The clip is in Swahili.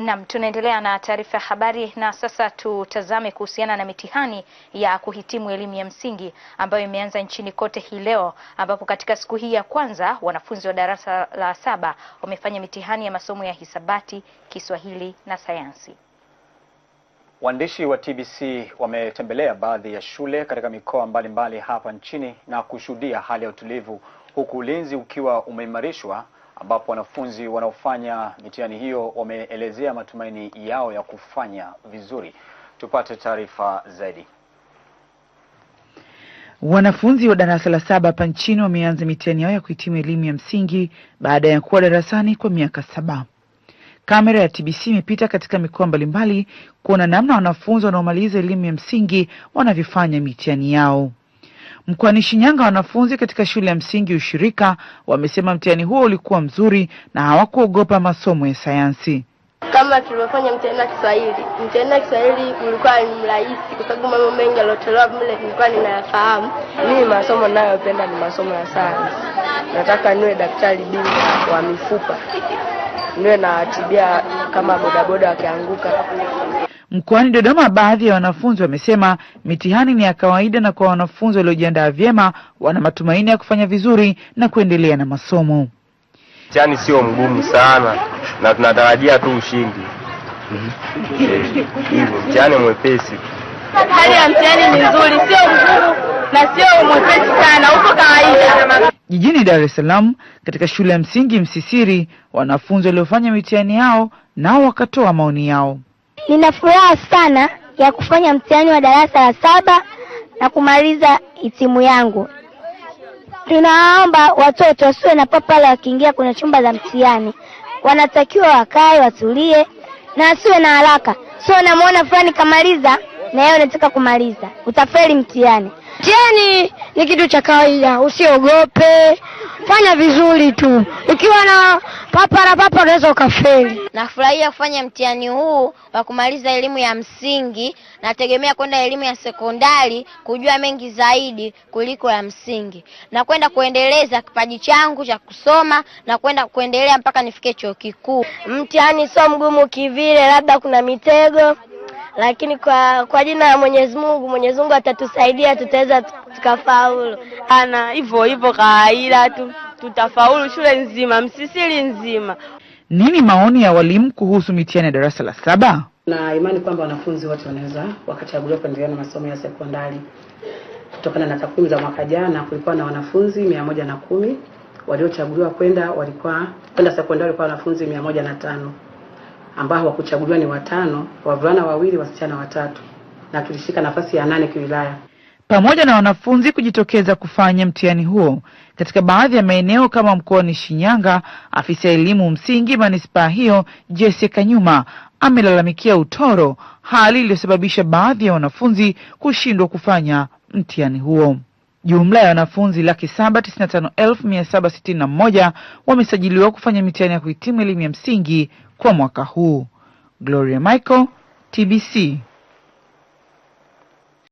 Naam, tunaendelea na taarifa ya habari na sasa tutazame kuhusiana na mitihani ya kuhitimu elimu ya msingi ambayo imeanza nchini kote hii leo, ambapo katika siku hii ya kwanza wanafunzi wa darasa la saba wamefanya mitihani ya masomo ya hisabati, Kiswahili na sayansi. Waandishi wa TBC wametembelea baadhi ya shule katika mikoa mbalimbali mbali hapa nchini na kushuhudia hali ya utulivu, huku ulinzi ukiwa umeimarishwa ambapo wanafunzi wanaofanya mitihani hiyo wameelezea matumaini yao ya kufanya vizuri. Tupate taarifa zaidi. Wanafunzi wa darasa la saba hapa nchini wameanza mitihani yao ya kuhitimu elimu ya msingi baada ya kuwa darasani kwa miaka saba. Kamera ya TBC imepita katika mikoa mbalimbali kuona namna wanafunzi wanaomaliza elimu ya msingi wanavyofanya mitihani yao. Mkoani Shinyanga, wanafunzi katika shule ya msingi Ushirika wamesema mtihani huo ulikuwa mzuri na hawakuogopa masomo ya sayansi. Kama tulivyofanya mtihani wa Kiswahili, mtihani wa Kiswahili ulikuwa ni mrahisi kwa sababu mambo mengi yaliyotolewa mle nilikuwa ninayafahamu. Mimi masomo nayopenda ni masomo ya sayansi. Nataka niwe daktari bingwa wa mifupa, niwe nawatibia kama bodaboda wakianguka Mkoani Dodoma, baadhi ya wanafunzi wamesema mitihani ni ya kawaida na kwa wanafunzi waliojiandaa vyema wana matumaini ya kufanya vizuri na kuendelea na masomo. Mtihani sio mgumu sana na tunatarajia tu ushindi. Mhm. mtihani mwepesi. Hali ya mtihani ni nzuri, sio mgumu na sio mwepesi sana, uko kawaida. Jijini Dar es Salaam, katika shule ya msingi Msisiri, wanafunzi waliofanya mitihani yao nao wakatoa maoni yao. Nina furaha sana ya kufanya mtihani wa darasa la saba na kumaliza hitimu yangu. Tunaomba watoto wasiwe na papala wakiingia kwenye chumba za mtihani, wanatakiwa wakae, watulie na wasiwe na haraka. So namwona fulani kamaliza na yeye anataka kumaliza, utafeli mtihani. Mtihani ni kitu cha kawaida, usiogope fanya vizuri tu, ukiwa na papara papa unaweza ukafeli. Nafurahia kufanya mtihani huu wa kumaliza elimu ya msingi. Nategemea kwenda elimu ya sekondari kujua mengi zaidi kuliko ya msingi, na kwenda kuendeleza kipaji changu cha kusoma na kwenda kuendelea mpaka nifike chuo kikuu. Mtihani sio mgumu kivile, labda kuna mitego lakini kwa kwa jina la Mwenyezi Mungu, Mwenyezi Mungu atatusaidia, tutaweza tukafaulu. Ana hivyo hivyo kawaida tu, tutafaulu shule nzima, msisili nzima. Nini maoni ya walimu kuhusu mitihani ya darasa la saba? Na imani kwamba wanafunzi wote wanaweza wakachaguliwa kuendelea na masomo ya sekondari. Kutokana na takwimu za mwaka jana, kulikuwa na wanafunzi mia moja na kumi waliochaguliwa kwenda walikuwa kwenda sekondari kwa wanafunzi mia moja na tano ambao hawakuchaguliwa ni watano, wavulana wawili, wasichana watatu, na tulishika nafasi ya nane kiwilaya. Pamoja na wanafunzi kujitokeza kufanya mtihani huo katika baadhi ya maeneo kama mkoani Shinyanga, afisa elimu msingi manispaa hiyo Jesse Kanyuma amelalamikia utoro, hali iliyosababisha baadhi ya wanafunzi kushindwa kufanya mtihani huo. Jumla ya wanafunzi laki saba tisini na tano elfu mia saba sitini na moja wamesajiliwa kufanya mitihani ya kuhitimu elimu ya msingi kwa mwaka huu. Gloria Michael, TBC.